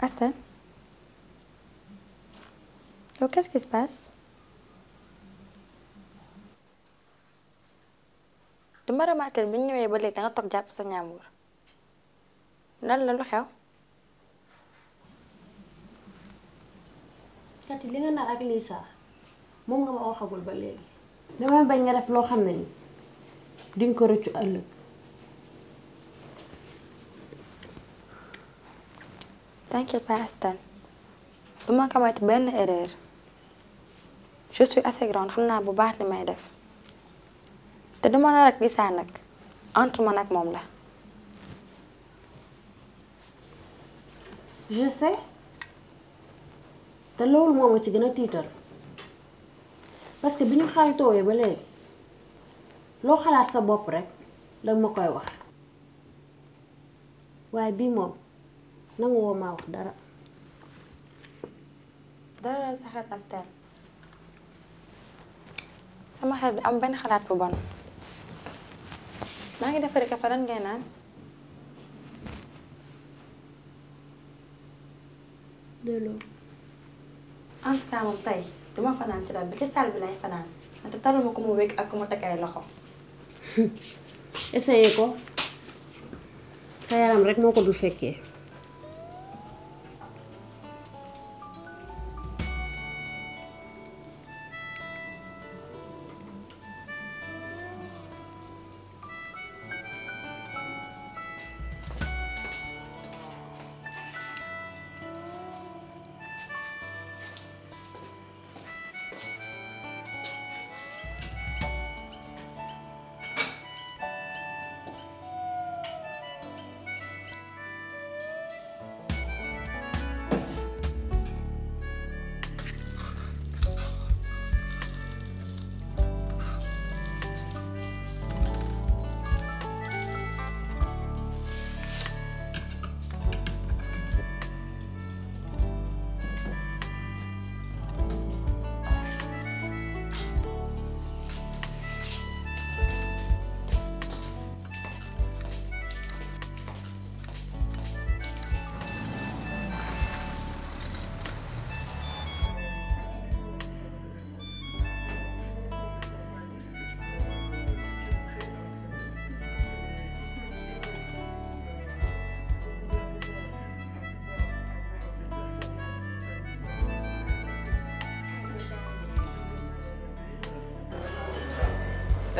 Asta oh, Qu'est-ce qui se passe dama remarqué bi ñu ñëwee ba léegi danga toog jàpp sa ñaambur la kati li nga nar ak Lisa moom nga ma waxagul ba léegi damay bañ nga def loo xam ne Thank you, Pastor. Duma xamante benn erreur je suis assez grande xam naa bu baax li may def te duma la rek gisaa nag entre man ak moom la. je sais te loolu moom nga ci gën a tiital parce que bi ñu xaritooyee ba léegi loo xalaat sa bopp rek danga ma koy wax waaye bii moom. nanguwoo maa wax dara. dara sa xel Astel sama xel bi am benn xalaat bu bon maa ngi defaree kafe lan ngay naan. delloo. en tout cas moom tey duma fanaan ci dal bi ci salle bi lay fanaan ndaxte taluma ko mu wékk ak ku mu teg ay loxo. essayé ko sa yaram rek moo ko dul fekkee.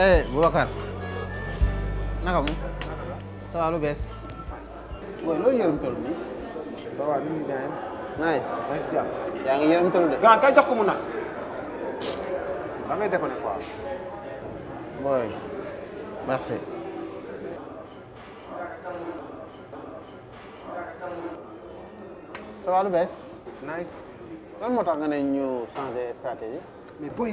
eh Bubakar naka kamu? Selalu va lu bees booy loo yërëmtalu ni ça va nice nice job. Yang ngi yërëmtalu deh. Gak kay jox ko Kamu ada konek apa? Boy, merci Selalu best. nice Kamu mau tax nga new, ñu strategi. mais booy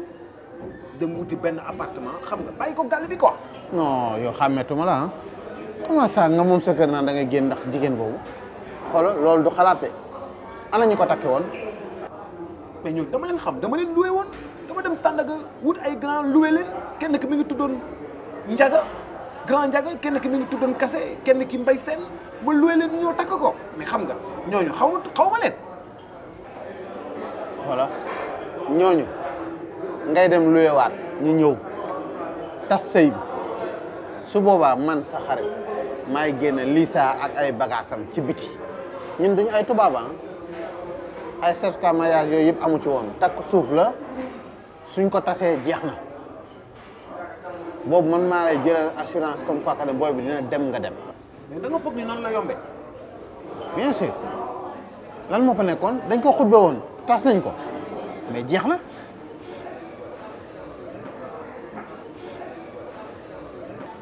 dem wuti ben appartement xam nga bàyyi ko gàll bi quoi. non yow xàmmeetuma la comment ça nga mom sa keur na da nga génn ndax jigen bobu xolo lolou du xalaté de ana ñu ko takki won mais ñu dama len xam dama len loué won dama dem Sandaga wut ay grand loué len kenn ki mi ngi tudon Njaga grand Njaga kenn ki mi ngi tudon kasse kenn ki Mbay sen ma loué len ñoo takko ko mais xam nga ñoñu xaw xawma len voilà ngay dem luyewaat ñu ñëw tas sëy bi su boobaa man sa xarit maay génne Lisa ak ay bagaasam ci biti ñun duñu ay tubaaba ah. ay certificat mariage yooyu yëpp amu ci woon takk suuf la suñ ko tasee jeex na boobu man maa lay jëlal assurance comme quoi que booy bi dina dem nga dem. mais da nga foog la yombee. bien sûr moo fa nekkoon dañ ko xutbe woon tas nañ ko mais jeex na.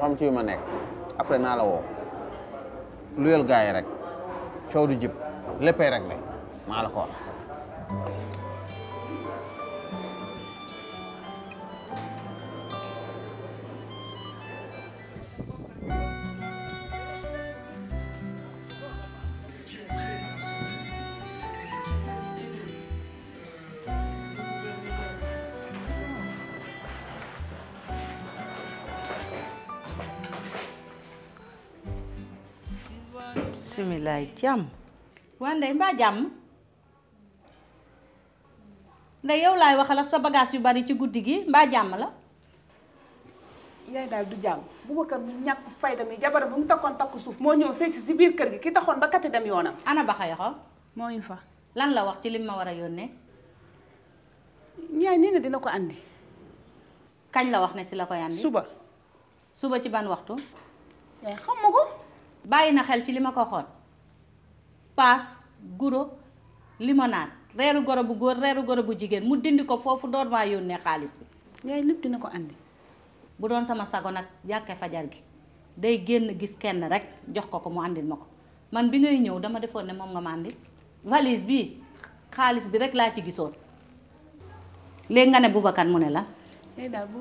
dafa ci yu nekk après naa la woo luyel gars yi rek coow du jib léppay rek la maa la ko wax bisimilaay jam wan ndey mba jam ndey yow lay waxal ak sa bagage yu bari ci guddi gi mbaa jàmm la yay dal du bu Boubacar mi ñak fayda mi jabaram bu mu takkoon takku suuf mo ñew sey ci biir kër gi ki taxon ba katé dem yoonam ana baxa xo mo ñu fa lan la wax ci lim ma wara a ñay ni ne dina ko andi kañ la wax ne ci la ko yandi suba suba ci ban waxtu yaay xamugo Bayi na xel ci lima pas ko limonat, reru guro limonade reru goro bu mudin reru goro bu jigen mu dindi ko foofu door ba xaliss bi ngay lepp dina ko andi bu don sama sago nak yakke fajar gi day genn gis kenn rek jox ko ko mu andil mako man bi ngay ñew dama defone ne nga mandi valise bi xaliss bi rek la ci gisoon le nga ne mu tey daal bu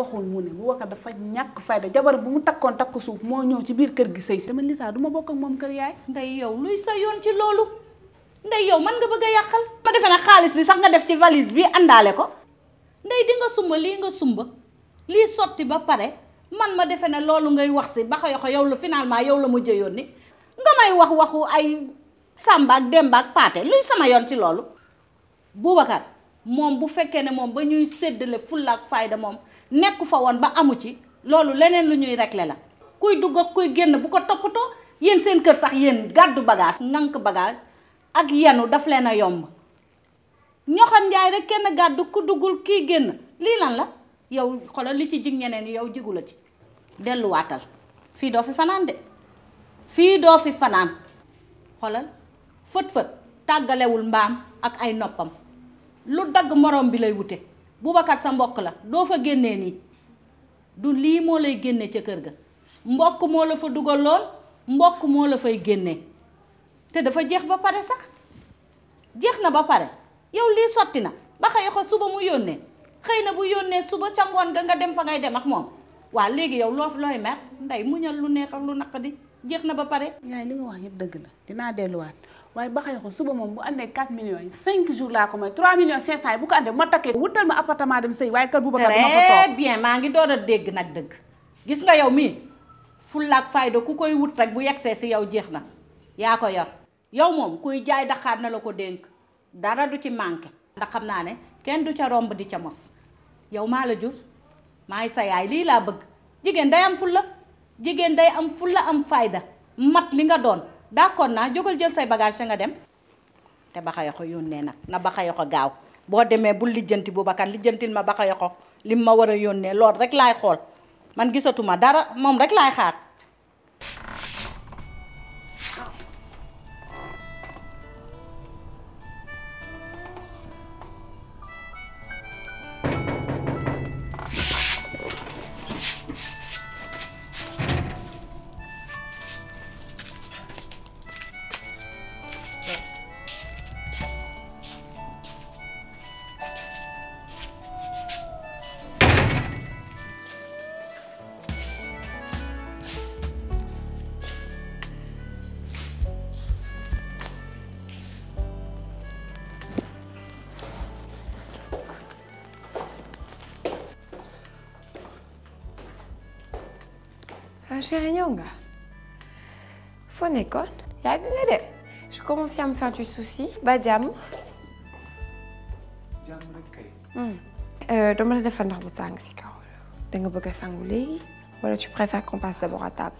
waxul mu ne bu wakkat dafa ñàkk fayda jabar bu mu takkoon takk suuf moo ñëw ci biir kër gi sëy dama Lisa du ma bokk ak moom kër yaay ndey yow luy sa yoon ci loolu ndey yow man nga bëgg a yàqal ma defe nag xaalis bi sax nga def ci valise bi àndaale ko ndey di nga sumba lii nga sumba lii sotti ba pare man ma defe na loolu ngay wax si ba xayoxo yow la finalement yow la mujjee yónni nga may wax waxu ay Samba ak Demba ak Paate luy sama yoon ci loolu Boubacar moom bu fekkee ne moom ba ñuy séddale fulla ak fayda moom nekku fa woon ba amu ci loolu leneen lu ñuy régler la kuy dugg ak kuy génn bu ko toppatoo yéen seen kër sax yéen gàddu bagage nank bagage ak yenu daf leen a yomb ñoxan njaay kenn gàddu ku duggul kii génn lii lan la yow xoolal li ci jig ñeneen yow jigu la ci delluwaatal fii doo fi fanaan de fii doo fi fanaan xoolal fët fët tàggalewul mbaam ak ay noppam lu dag morom bi lay wute bubakat sa mbokk la do fa génné ni du li mo lay génné ci kër ga mbokk mo la fa duggal lool mbokk mo la fay génné té dafa jeex ba pare sax jeex na ba pare yow li soti na ba xey ko suba mu yonné xëy na bu yonné suba ca ngoon ga nga dem fa ngay dem ak mom wa légui yow loo loy mer nday muñal lu neex ak lu nakadi jeex na ba pare. ñaay li nga wax yëpp deug la déllu wat waaye ba xëy suba moom bu andee 4 millions yi 5 jours laa ko may 3 millions 500 yi bu ko andee bu ma takkee wutal ma appartement dem sëy waaye kër bu bëgg dama fa toog très bien maa ngi doon a dégg nag dëgg gis nga yow mii fullaak fayda ku koy wut rek bu yegsee si yow jeex na yaa ko yor yow moom kuy jaay daxaar na la ko dénk dara du ci manqué ndax xam naa ne kenn du ca romb di ca mos yow maa la jur maay sa yaay lii laa bëgg jigéen day am fulla jigéen day am fulla am fayda mat li nga doon d'accord naa jógal jël say bagage te nga dem te Bakhayokho yónnee nag na Bakhayokho gaaw boo demee bul lijjanti bu Boubacar lijjantil ma Bakhayokho lim ma war a yónnee lool rek laay xool man gisatuma dara moom rek laay xaar. ah chérie ñëw nga foo nekkoon yàgg je commençais à me faire du souci ba jàmm. jàmm rek kay. dama la defal ndox bu si kaw da nga bëgg a sangu tu préfères qu'on passe d'abord à table.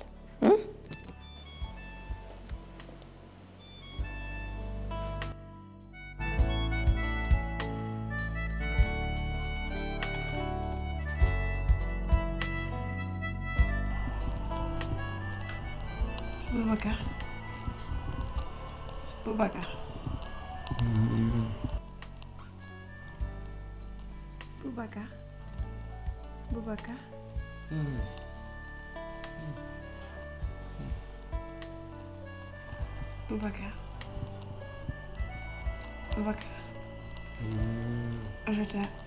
Boubacar.. Boubacar.. Boubacar.. Boubacar.. Boubacar.. Boubacar.. Je t'aime.